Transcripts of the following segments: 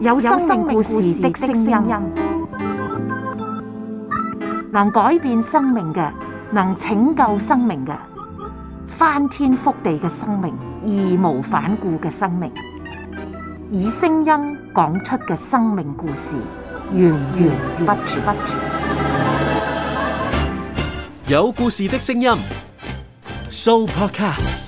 有生命故事的聲音，能改變生命嘅，能拯救生命嘅，翻天覆地嘅生命，義無反顧嘅生命，以聲音講出嘅生命故事，源源不絕。有故事的聲音，Soupercast。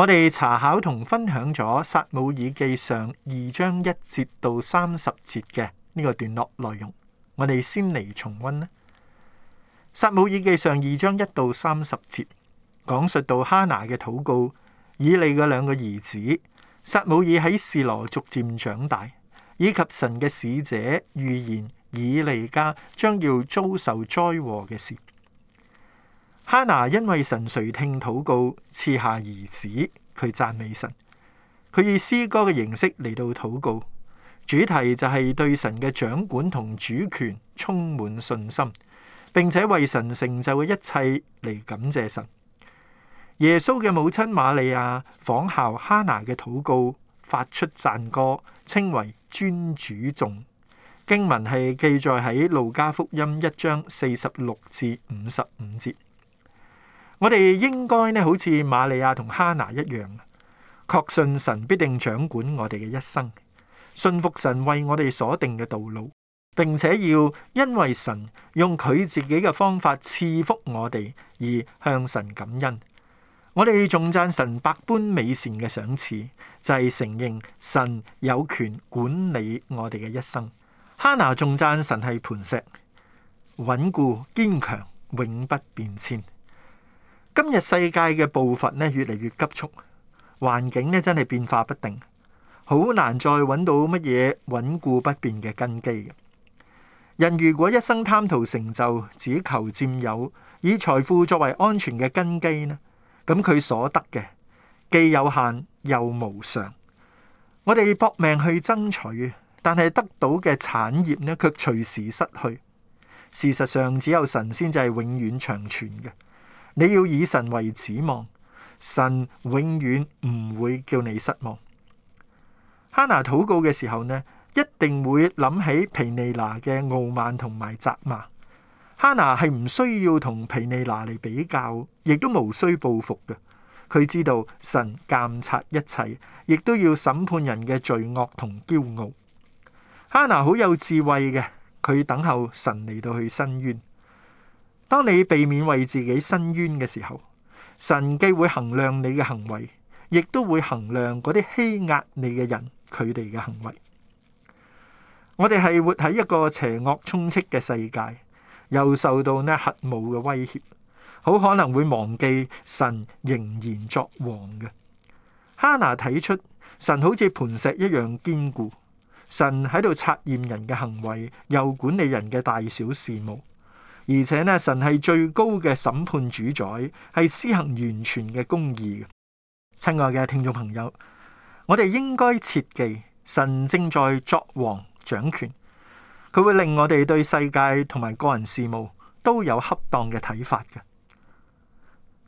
我哋查考同分享咗《撒母耳記上》二章一節到三十節嘅呢個段落內容，我哋先嚟重溫啦。《撒母耳記上》二章一到三十節，講述到哈拿嘅禱告，以利嘅兩個兒子撒母耳喺示羅逐漸長大，以及神嘅使者預言以利家將要遭受災禍嘅事。哈拿因為神垂聽禱告賜下兒子，佢讚美神，佢以詩歌嘅形式嚟到禱告，主題就係對神嘅掌管同主權充滿信心，並且為神成就嘅一切嚟感謝神。耶穌嘅母親瑪利亞仿效哈拿嘅禱告，發出讚歌，稱為尊主頌，經文係記載喺路加福音一章四十六至五十五節。我哋應該咧，好似瑪利亞同哈拿一樣，確信神必定掌管我哋嘅一生，信服神為我哋所定嘅道路，並且要因為神用佢自己嘅方法賜福我哋而向神感恩。我哋仲讚神百般美善嘅賞賜，就係、是、承認神有權管理我哋嘅一生。哈拿仲讚神係磐石穩固堅強，永不變遷。今日世界嘅步伐呢，越嚟越急速，環境呢，真係變化不定，好難再搵到乜嘢穩固不變嘅根基。人如果一生貪圖成就，只求佔有，以財富作為安全嘅根基呢，咁佢所得嘅既有限又無常。我哋搏命去爭取，但係得到嘅產業呢，卻隨時失去。事實上，只有神仙就係永遠長存嘅。你要以神為指望，神永遠唔會叫你失望。哈拿禱告嘅時候呢，一定會諗起皮尼拿嘅傲慢同埋責罵。哈拿係唔需要同皮尼拿嚟比較，亦都無需報復嘅。佢知道神鑒察一切，亦都要審判人嘅罪惡同驕傲。哈拿好有智慧嘅，佢等候神嚟到去伸冤。當你避免為自己申冤嘅時候，神既會衡量你嘅行為，亦都會衡量嗰啲欺壓你嘅人，佢哋嘅行為。我哋係活喺一個邪惡充斥嘅世界，又受到呢核武嘅威脅，好可能會忘記神仍然作王嘅。哈拿睇出神好似磐石一樣堅固，神喺度察驗人嘅行為，又管理人嘅大小事務。而且咧，神係最高嘅審判主宰，係施行完全嘅公義嘅。親愛嘅聽眾朋友，我哋應該切記，神正在作王掌權，佢會令我哋對世界同埋個人事務都有恰當嘅睇法嘅。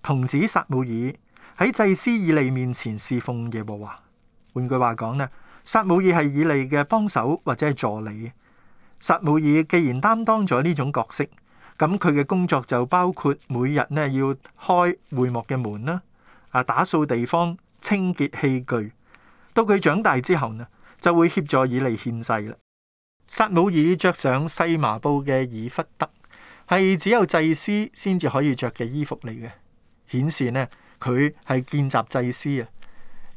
童子撒母耳喺祭司以利面前侍奉耶和華，換句話講咧，撒母耳係以利嘅幫手或者係助理。撒母耳既然擔當咗呢種角色。咁佢嘅工作就包括每日呢要開會幕嘅門啦，啊打掃地方、清潔器具。到佢長大之後呢，就會協助以利獻祭啦。撒母耳着上細麻布嘅以弗得，係只有祭司先至可以着嘅衣服嚟嘅，顯示呢佢係見習祭司啊。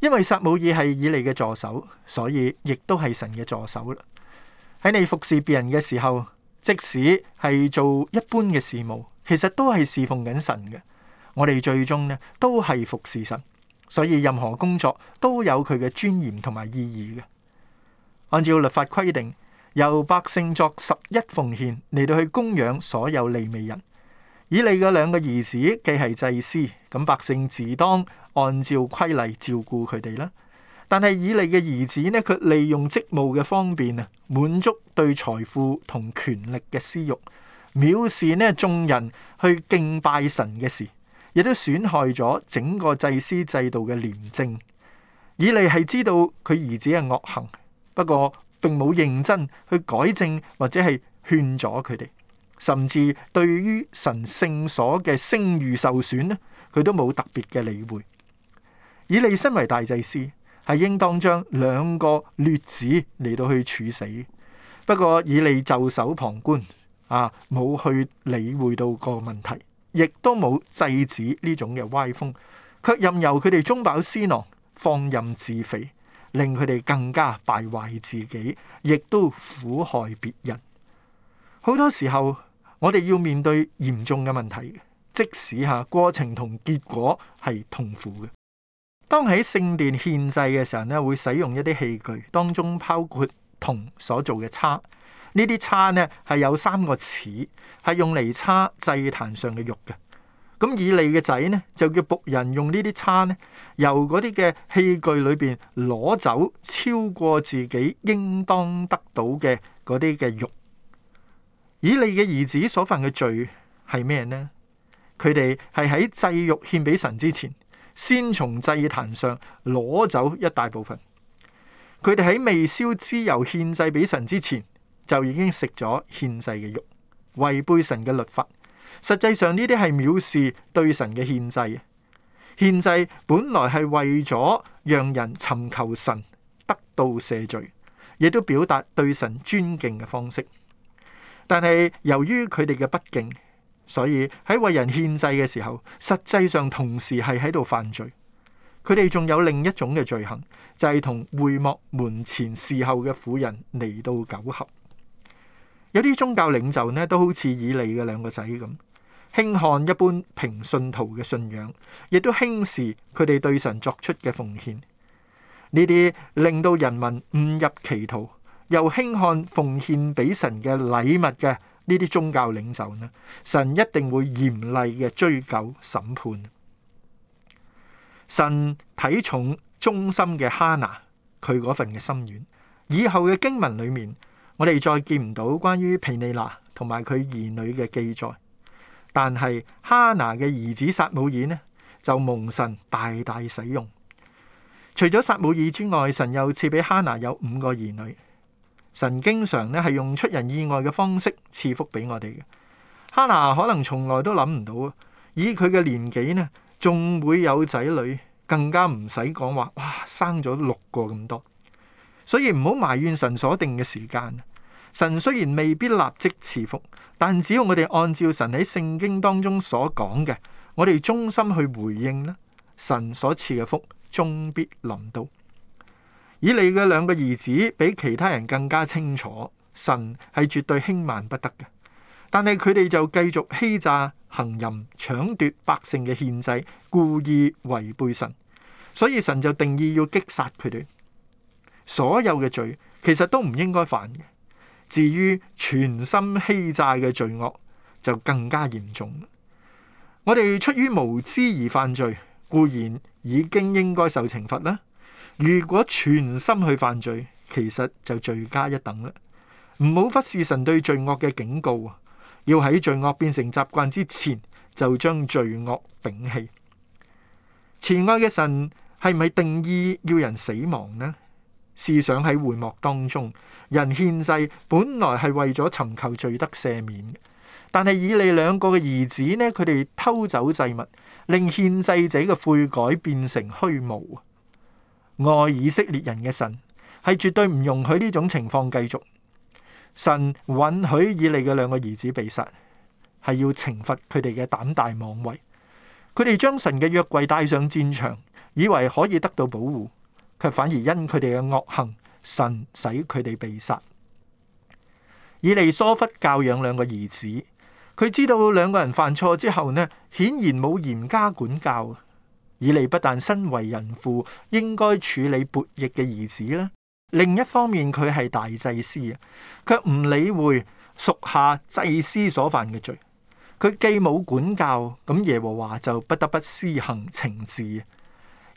因為撒母耳係以利嘅助手，所以亦都係神嘅助手啦。喺你服侍別人嘅時候。即使係做一般嘅事務，其實都係侍奉緊神嘅。我哋最終呢都係服侍神，所以任何工作都有佢嘅尊嚴同埋意義嘅。按照律法規定，由百姓作十一奉獻嚟到去供養所有利未人。以你嘅兩個兒子既係祭司，咁百姓自當按照規例照顧佢哋啦。但係以利嘅兒子呢，佢利用職務嘅方便啊，滿足對財富同權力嘅私欲，藐視呢眾人去敬拜神嘅事，亦都損害咗整個祭司制度嘅廉政。以利係知道佢兒子嘅惡行，不過並冇認真去改正或者係勸咗佢哋，甚至對於神聖所嘅聲譽受損呢，佢都冇特別嘅理會。以利身為大祭司。係應當將兩個劣子嚟到去處死，不過以你袖手旁觀，啊，冇去理會到個問題，亦都冇制止呢種嘅歪風，卻任由佢哋中飽私囊，放任自肥，令佢哋更加敗壞自己，亦都苦害別人。好多時候，我哋要面對嚴重嘅問題，即使吓、啊、過程同結果係痛苦嘅。當喺聖殿獻祭嘅時候咧，會使用一啲器具，當中包括銅所做嘅叉。呢啲叉呢，係有三個齒，係用嚟叉祭壇上嘅肉嘅。咁以利嘅仔呢，就叫僕人用呢啲叉呢，由嗰啲嘅器具裏邊攞走超過自己應當得到嘅嗰啲嘅肉。以利嘅兒子所犯嘅罪係咩呢？佢哋係喺祭肉獻俾神之前。先從祭壇上攞走一大部分，佢哋喺未燒脂油獻祭俾神之前，就已經食咗獻祭嘅肉，違背神嘅律法。實際上呢啲係藐視對神嘅獻祭。獻祭本來係為咗讓人尋求神，得到赦罪，亦都表達對神尊敬嘅方式。但係由於佢哋嘅不敬。所以喺為人獻祭嘅時候，實際上同時係喺度犯罪。佢哋仲有另一種嘅罪行，就係同會幕門前侍候嘅婦人嚟到苟合。有啲宗教領袖呢，都好似以利嘅兩個仔咁，輕看一般平信徒嘅信仰，亦都輕視佢哋對神作出嘅奉獻。呢啲令到人民誤入歧途，又輕看奉獻俾神嘅禮物嘅。呢啲宗教領袖呢，神一定會嚴厲嘅追究審判。神睇重忠心嘅哈拿，佢嗰份嘅心願，以後嘅經文裏面，我哋再見唔到關於皮尼娜同埋佢兒女嘅記載，但係哈拿嘅兒子撒母耳呢，就蒙神大大使用。除咗撒母耳之外，神又賜俾哈拿有五個兒女。神經常咧，係用出人意外嘅方式賜福俾我哋嘅。哈拿可能從來都諗唔到啊！以佢嘅年紀呢，仲會有仔女，更加唔使講話，哇，生咗六個咁多，所以唔好埋怨神所定嘅時間。神雖然未必立即賜福，但只要我哋按照神喺聖經當中所講嘅，我哋忠心去回應呢，神所賜嘅福終必臨到。以你嘅兩個兒子比其他人更加清楚，神係絕對輕慢不得嘅。但係佢哋就繼續欺詐、行淫、搶奪百姓嘅獻祭，故意違背神，所以神就定義要擊殺佢哋。所有嘅罪其實都唔應該犯嘅。至於全心欺詐嘅罪惡就更加嚴重。我哋出於無知而犯罪，固然已經應該受懲罰啦。如果全心去犯罪，其實就罪加一等啦。唔好忽視神對罪惡嘅警告啊！要喺罪惡變成習慣之前，就將罪惡摒棄。慈愛嘅神係唔係定義要人死亡呢？思想喺會幕當中，人獻祭本來係為咗尋求罪得赦免嘅，但係以你兩個嘅兒子呢，佢哋偷走祭物，令獻祭者嘅悔改變成虛無。愛以色列人嘅神係絕對唔容許呢種情況繼續。神允許以利嘅兩個兒子被殺，係要懲罰佢哋嘅膽大妄為。佢哋將神嘅約櫃帶上戰場，以為可以得到保護，卻反而因佢哋嘅惡行，神使佢哋被殺。以利疏忽教養兩個兒子，佢知道兩個人犯錯之後呢，顯然冇嚴加管教。以利不但身為人父，應該處理勃逆嘅兒子咧；另一方面，佢係大祭司啊，却唔理會屬下祭司所犯嘅罪。佢既冇管教，咁耶和華就不得不施行懲治啊。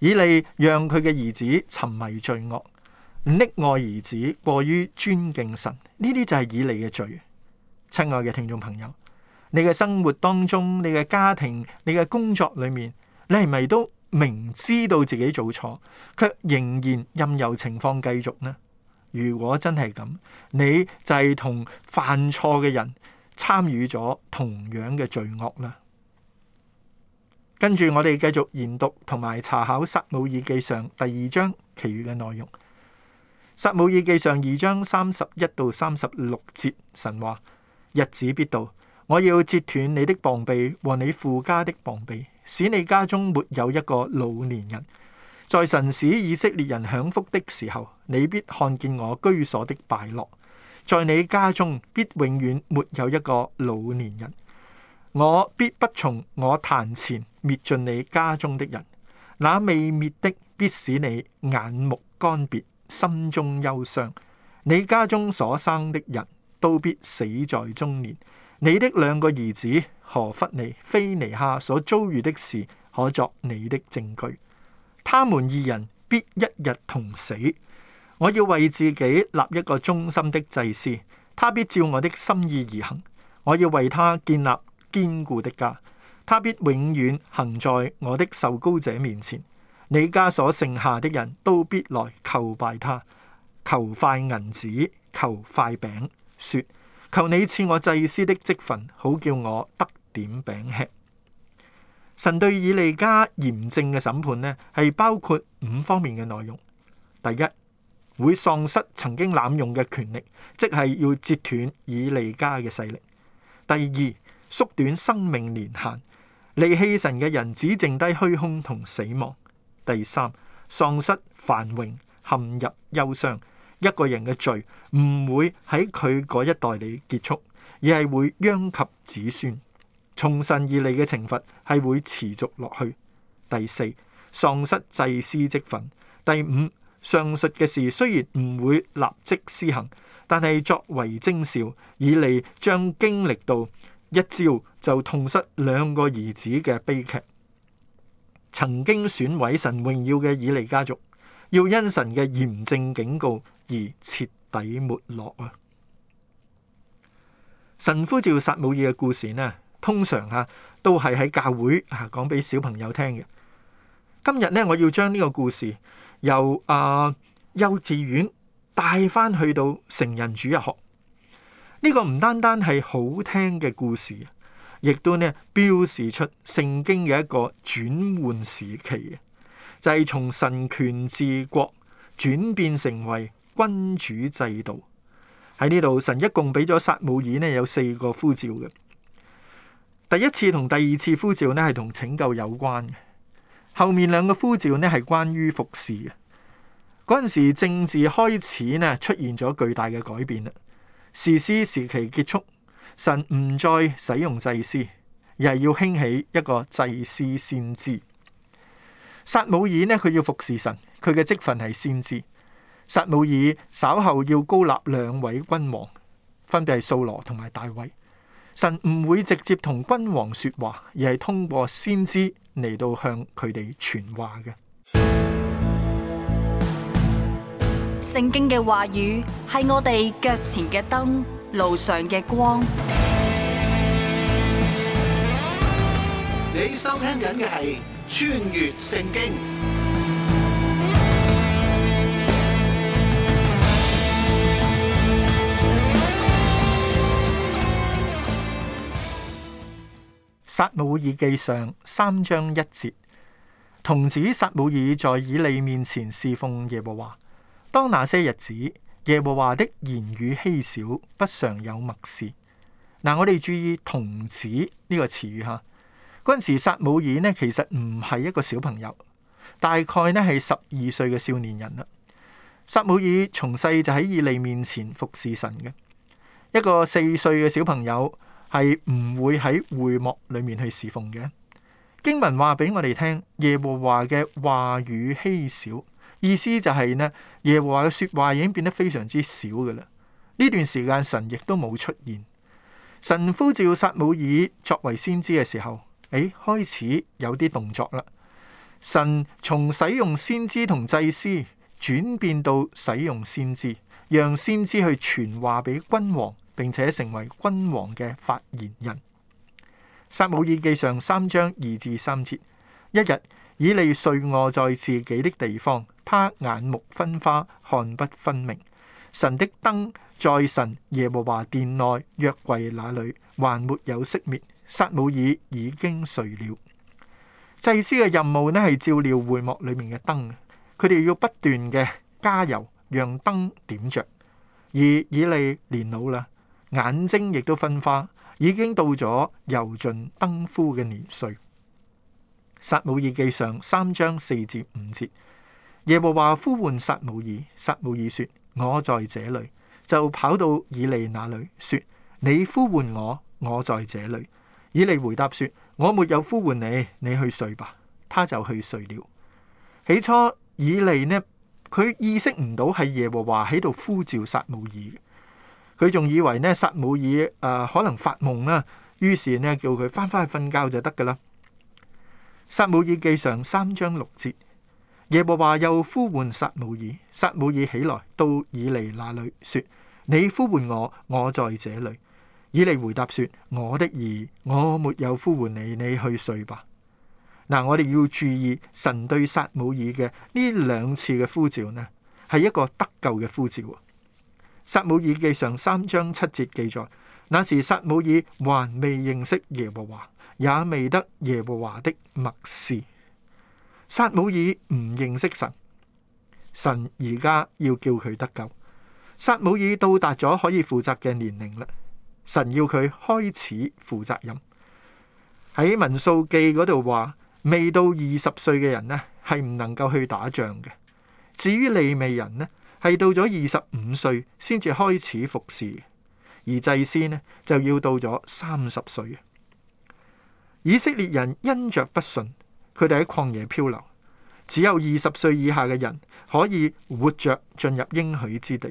以利讓佢嘅兒子沉迷罪惡，溺愛兒子過於尊敬神，呢啲就係以利嘅罪。親愛嘅聽眾朋友，你嘅生活當中，你嘅家庭，你嘅工作裏面。你係咪都明知道自己做錯，卻仍然任由情況繼續呢？如果真係咁，你就係同犯錯嘅人參與咗同樣嘅罪惡啦。跟住我哋繼續研讀同埋查考《撒母耳記上》第二章其餘嘅內容，《撒母耳記上》二章三十一到三十六節，神話：日子必到，我要截斷你的膀臂和你父家的膀臂。使你家中沒有一個老年人，在神使以色列人享福的時候，你必看見我居所的敗落；在你家中必永遠沒有一個老年人，我必不從我壇前滅盡你家中的人，那未滅的必使你眼目乾癟，心中憂傷。你家中所生的人都必死在中年，你的兩個兒子。何弗尼、非尼哈所遭遇的事，可作你的證據。他們二人必一日同死。我要為自己立一個忠心的祭司，他必照我的心意而行。我要為他建立堅固的家，他必永遠行在我的受膏者面前。你家所剩下的人都必來叩拜他，求塊銀子，求塊餅，說：求你賜我祭司的職分，好叫我得。點餅吃。神對以利家嚴正嘅審判呢，係包括五方面嘅內容。第一，會喪失曾經濫用嘅權力，即係要截斷以利家嘅勢力；第二，縮短生命年限，離棄神嘅人只剩低虛空同死亡；第三，喪失繁榮，陷入憂傷。一個人嘅罪唔會喺佢嗰一代裏結束，而係會殃及子孫。從神而嚟嘅懲罰係會持續落去。第四，喪失祭司職份。第五，上述嘅事雖然唔會立即施行，但係作為徵兆，以利將經歷到一朝就痛失兩個兒子嘅悲劇。曾經損毀神榮耀嘅以利家族，要因神嘅嚴正警告而徹底沒落啊！神呼召撒母耳嘅故事呢，通常吓、啊、都係喺教會吓、啊、講俾小朋友聽嘅。今日咧，我要將呢個故事由啊、呃、幼稚園帶翻去到成人主日學。呢、這個唔單單係好聽嘅故事，亦都咧表示出聖經嘅一個轉換時期，就係、是、從神權治國轉變成為君主制度。喺呢度，神一共俾咗撒母耳咧有四個呼召嘅。第一次同第二次呼召呢，係同拯救有關嘅，後面兩個呼召呢，係關於服侍嘅。嗰陣時政治開始呢，出現咗巨大嘅改變啦，士師時期結束，神唔再使用祭司，而係要興起一個祭司先知。撒母耳呢，佢要服侍神，佢嘅職份係先知。撒母耳稍後要高立兩位君王，分別係掃羅同埋大衛。神唔會直接同君王說話，而係通過先知嚟到向佢哋傳話嘅。聖經嘅話語係我哋腳前嘅燈，路上嘅光。你收聽緊嘅係《穿越聖經》。撒母耳記上三章一節，童子撒母耳在以利面前侍奉耶和華。當那些日子，耶和華的言語稀少，不常有默示。嗱，我哋注意童子呢個詞語哈。嗰陣時撒母耳咧其實唔係一個小朋友，大概呢係十二歲嘅少年人啦。撒母耳從細就喺以利面前服侍神嘅，一個四歲嘅小朋友。係唔會喺會幕裏面去侍奉嘅。經文話俾我哋聽，耶和華嘅話語稀少，意思就係呢，耶和華嘅說話已經變得非常之少嘅啦。呢段時間，神亦都冇出現。神呼召撒母耳作為先知嘅時候，誒、哎、開始有啲動作啦。神從使用先知同祭司轉變到使用先知，讓先知去傳話俾君王。並且成為君王嘅發言人。撒母耳記上三章二至三節：一日以利睡臥在自己的地方，他眼目昏花，看不分明。神的燈在神耶和華殿內約櫃那裡還沒有熄滅，撒母耳已經睡了。祭司嘅任務呢係照料會幕裡面嘅燈，佢哋要不斷嘅加油，讓燈點着。而以利年老啦。眼睛亦都昏花，已經到咗油盡燈枯嘅年歲。撒母耳記上三章四節五節，耶和華呼喚撒母耳，撒母耳說：我在這裏，就跑到以利那裏說：你呼喚我，我在這裏。以利回答說：我沒有呼喚你，你去睡吧。他就去睡了。起初以利呢，佢意識唔到係耶和華喺度呼召撒母耳。佢仲以為呢，撒母耳啊、呃、可能發夢啦、啊，於是呢叫佢翻返去瞓覺就得噶啦。撒母耳記上三章六節，耶和華又呼喚撒母耳，撒母耳起來到以利那裡說：你呼喚我，我在這裡。以利回答說：我的兒，我沒有呼喚你，你去睡吧。嗱，我哋要注意神對撒母耳嘅呢兩次嘅呼召呢，係一個得救嘅呼召。撒母耳記上三章七節記載，那時撒母耳還未認識耶和華，也未得耶和華的默示。撒母耳唔認識神，神而家要叫佢得救。撒母耳到達咗可以負責嘅年齡啦，神要佢開始負責任。喺民數記嗰度話，未到二十歲嘅人呢係唔能夠去打仗嘅。至於利未人呢？係到咗二十五歲先至開始服侍，而祭司呢就要到咗三十歲。以色列人因着不信，佢哋喺曠野漂流，只有二十歲以下嘅人可以活着進入應許之地。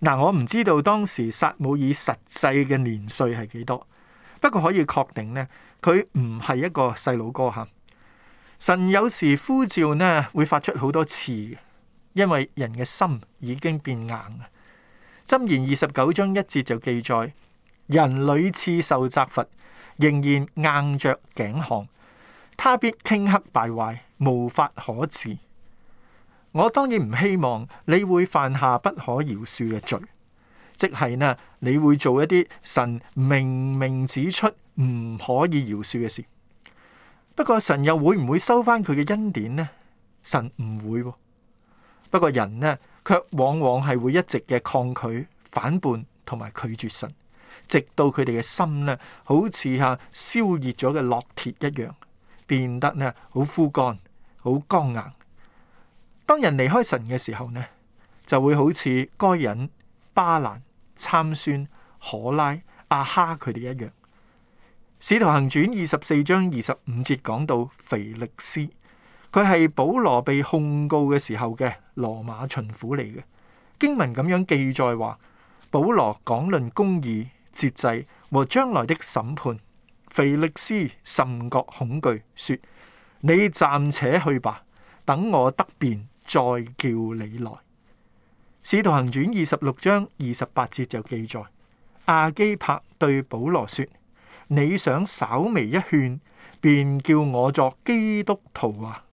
嗱、嗯，我唔知道當時撒母耳實際嘅年歲係幾多，不過可以確定呢，佢唔係一個細佬哥吓。神有時呼召呢，會發出好多次。因為人嘅心已經變硬啊。箴言二十九章一節就記載：人屢次受責罰，仍然硬着頸項，他必頃刻敗壞，無法可治。我當然唔希望你會犯下不可饒恕嘅罪，即係呢你會做一啲神明明指出唔可以饒恕嘅事。不過神又會唔會收翻佢嘅恩典呢？神唔會、哦。不過，人呢卻往往係會一直嘅抗拒、反叛同埋拒絕神，直到佢哋嘅心呢，好似嚇燒熱咗嘅烙鐵一樣，變得呢好枯乾、好剛硬。當人離開神嘅時候呢，就會好似該隱巴蘭、參孫、可拉、阿哈佢哋一樣。使徒行傳二十四章二十五節講到腓力斯，佢係保羅被控告嘅時候嘅。羅馬巡撫嚟嘅，經文咁樣記載話，保羅講論公義、節制和將來的審判，腓力斯甚覺恐懼，說：你暫且去吧，等我得便再叫你來。使徒行傳二十六章二十八節就記載，亞基帕對保羅說：你想稍微一勸，便叫我作基督徒啊？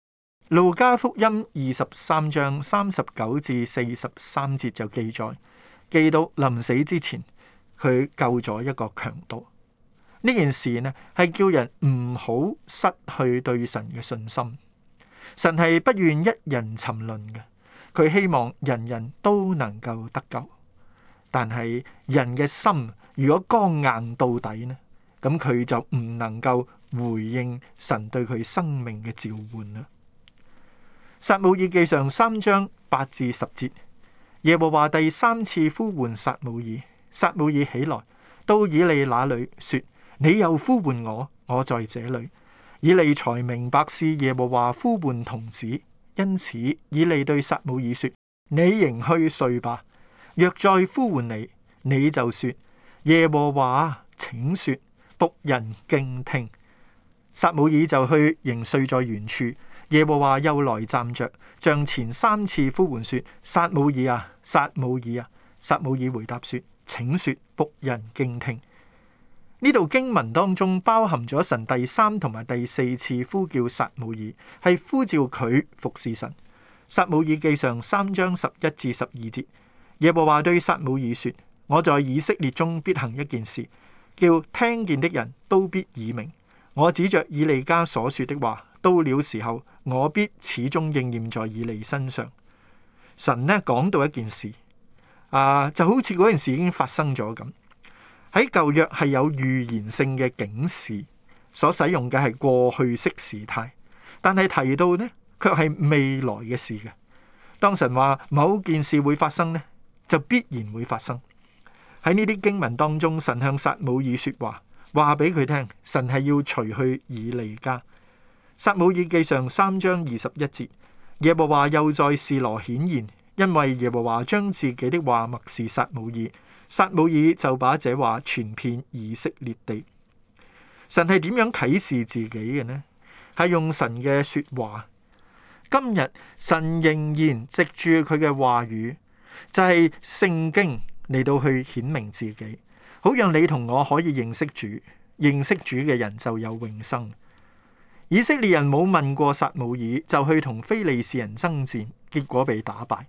路加福音二十三章三十九至四十三節就記載，記到臨死之前，佢救咗一個強盜。呢件事呢係叫人唔好失去對神嘅信心。神係不願一人沉淪嘅，佢希望人人都能夠得救。但係人嘅心如果剛硬到底呢，咁佢就唔能夠回應神對佢生命嘅召喚啦。撒母耳記上三章八至十節，耶和華第三次呼喚撒母耳，撒母耳起來到以利那裏說：你又呼喚我，我在這裏。以利才明白是耶和華呼喚童子，因此以利對撒母耳說：你仍去睡吧，若再呼喚你，你就說：耶和華，請說，僕人敬聽。撒母耳就去仍睡在原處。耶和華又來站着，像前三次呼喚說：撒母耳啊，撒母耳啊，撒母耳回答說：請說，僕人敬聽。呢度經文當中包含咗神第三同埋第四次呼叫撒母耳，係呼召佢服侍神。撒母耳記上三章十一至十二節，耶和華對撒母耳說：我在以色列中必行一件事，叫聽見的人都必耳鳴。我指着以利家所說的話。到了時候，我必始終應驗在以利身上。神呢，講到一件事，啊，就好似嗰件事已經發生咗咁。喺舊約係有預言性嘅警示，所使用嘅係過去式時態，但係提到呢，卻係未來嘅事嘅。當神話某件事會發生呢，就必然會發生。喺呢啲經文當中，神向撒母耳說話，話俾佢聽，神係要除去以利家。撒母耳記上三章二十一節，耶和華又在示羅顯現，因為耶和華將自己的話默示撒母耳，撒母耳就把這話傳遍以色列地。神係點樣啟示自己嘅呢？係用神嘅說話。今日神仍然藉住佢嘅話語，就係、是、聖經嚟到去顯明自己，好讓你同我可以認識主，認識主嘅人就有永生。以色列人冇問過撒母耳，就去同非利士人爭戰，結果被打敗。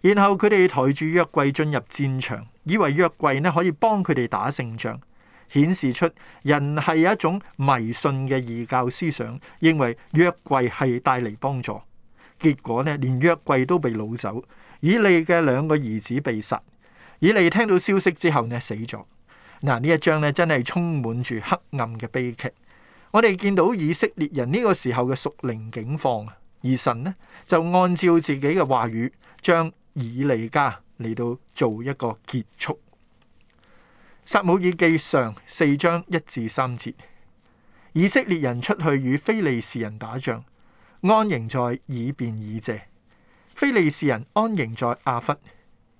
然後佢哋抬住約櫃進入戰場，以為約櫃呢可以幫佢哋打勝仗，顯示出人係一種迷信嘅異教思想，認為約櫃係帶嚟幫助。結果呢，連約櫃都被擄走，以利嘅兩個兒子被殺，以利聽到消息之後呢死咗。嗱，呢一章呢真係充滿住黑暗嘅悲劇。我哋見到以色列人呢個時候嘅屬靈境況，而神呢就按照自己嘅話語，將以利家嚟到做一個結束。撒母耳記上四章一至三節，以色列人出去與非利士人打仗，安營在以便以謝；非利士人安營在亞弗。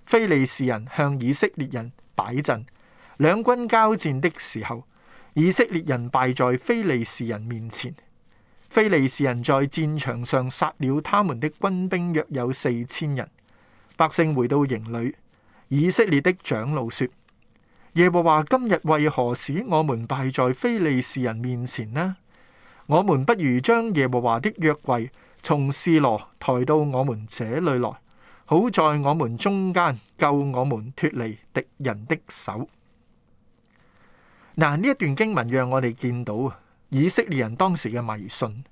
非利士人向以色列人擺陣，兩軍交戰的時候。以色列人敗在非利士人面前，非利士人在戰場上殺了他們的軍兵約有四千人。百姓回到營裏，以色列的長老說：耶和華今日為何使我們敗在非利士人面前呢？我們不如將耶和華的約櫃從示羅抬到我們這裏來，好在我們中間救我們脫離敵人的手。嗱，呢一段經文讓我哋見到以色列人當時嘅迷信，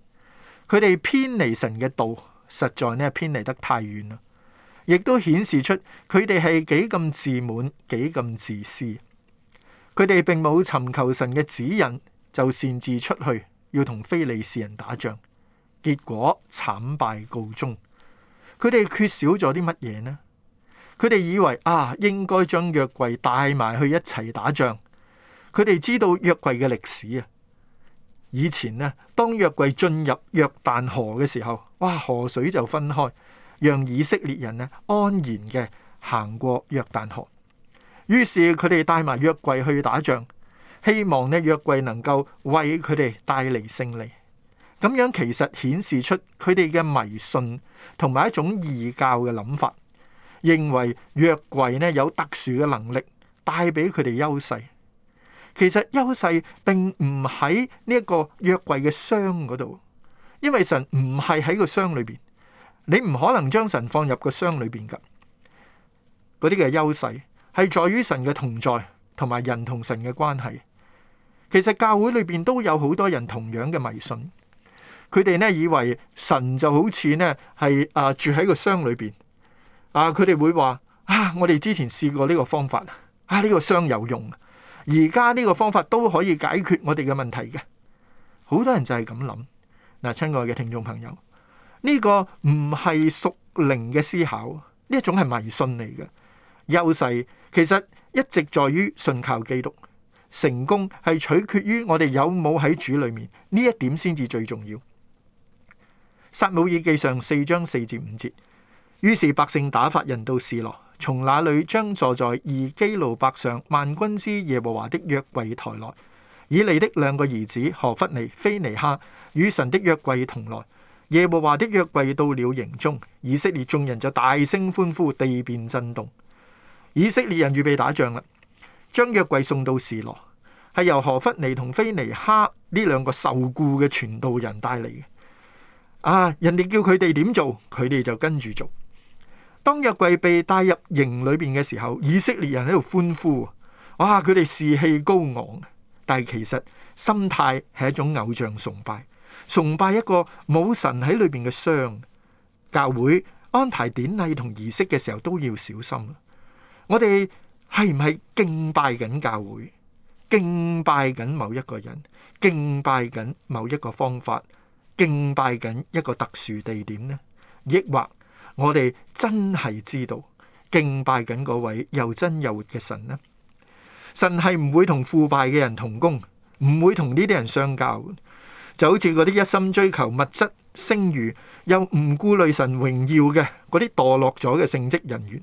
佢哋偏離神嘅道，實在呢偏離得太遠啦，亦都顯示出佢哋係幾咁自滿，幾咁自私。佢哋並冇尋求神嘅指引，就擅自出去要同非利士人打仗，結果慘敗告終。佢哋缺少咗啲乜嘢呢？佢哋以為啊，應該將約櫃帶埋去一齊打仗。佢哋知道約櫃嘅歷史啊，以前呢，當約櫃進入約旦河嘅時候，哇，河水就分開，讓以色列人呢安然嘅行過約旦河。於是佢哋帶埋約櫃去打仗，希望呢約櫃能夠為佢哋帶嚟勝利。咁樣其實顯示出佢哋嘅迷信同埋一種異教嘅諗法，認為約櫃呢有特殊嘅能力，帶俾佢哋優勢。其實優勢並唔喺呢一個約櫃嘅箱嗰度，因為神唔係喺個箱裏邊，你唔可能將神放入個箱裏邊噶。嗰啲嘅優勢係在於神嘅同在，同埋人同神嘅關係。其實教會裏邊都有好多人同樣嘅迷信，佢哋呢以為神就好似呢係啊住喺個箱裏邊啊，佢哋會話啊，我哋之前試過呢個方法啊，呢個箱有用啊。而家呢個方法都可以解決我哋嘅問題嘅，好多人就係咁諗。嗱，親愛嘅聽眾朋友，呢個唔係屬靈嘅思考，呢一種係迷信嚟嘅。優勢其實一直在於信靠基督，成功係取決於我哋有冇喺主裏面，呢一點先至最重要。撒母耳記上四章四至五節，於是百姓打發人到示羅。從那裏將坐在二基路伯上萬軍之耶和華的約櫃抬來，以利的兩個兒子何弗尼、非尼哈與神的約櫃同來。耶和華的約櫃到了營中，以色列眾人就大聲歡呼，地變震動。以色列人預備打仗啦，將約櫃送到示羅，係由何弗尼同非尼哈呢兩個受雇嘅傳道人帶嚟嘅。啊，人哋叫佢哋點做，佢哋就跟住做。當日櫃被帶入營裏邊嘅時候，以色列人喺度歡呼，哇！佢哋士氣高昂，但係其實心態係一種偶像崇拜，崇拜一個冇神喺裏邊嘅箱。教會安排典禮同儀式嘅時候都要小心。我哋係唔係敬拜緊教會，敬拜緊某一個人，敬拜緊某一個方法，敬拜緊一個特殊地點呢？抑或？我哋真係知道敬拜緊嗰位又真又活嘅神咧，啊，神係唔會同腐敗嘅人同工，唔會同呢啲人相交。就好似嗰啲一心追求物質、聲譽又唔顧慮神榮耀嘅嗰啲墮落咗嘅聖職人員，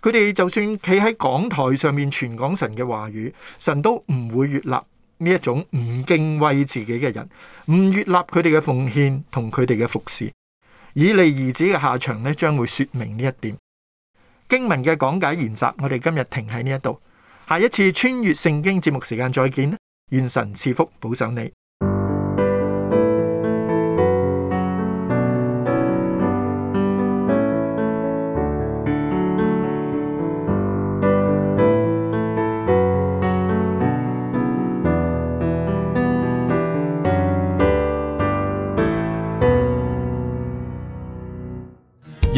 佢哋就算企喺講台上面傳講神嘅話語，神都唔會悅納呢一種唔敬畏自己嘅人，唔悅納佢哋嘅奉獻同佢哋嘅服侍。以利兒子嘅下場呢，將會說明呢一點。經文嘅講解研習，我哋今日停喺呢一度。下一次穿越聖經節目時間再見啦！願神賜福保守你。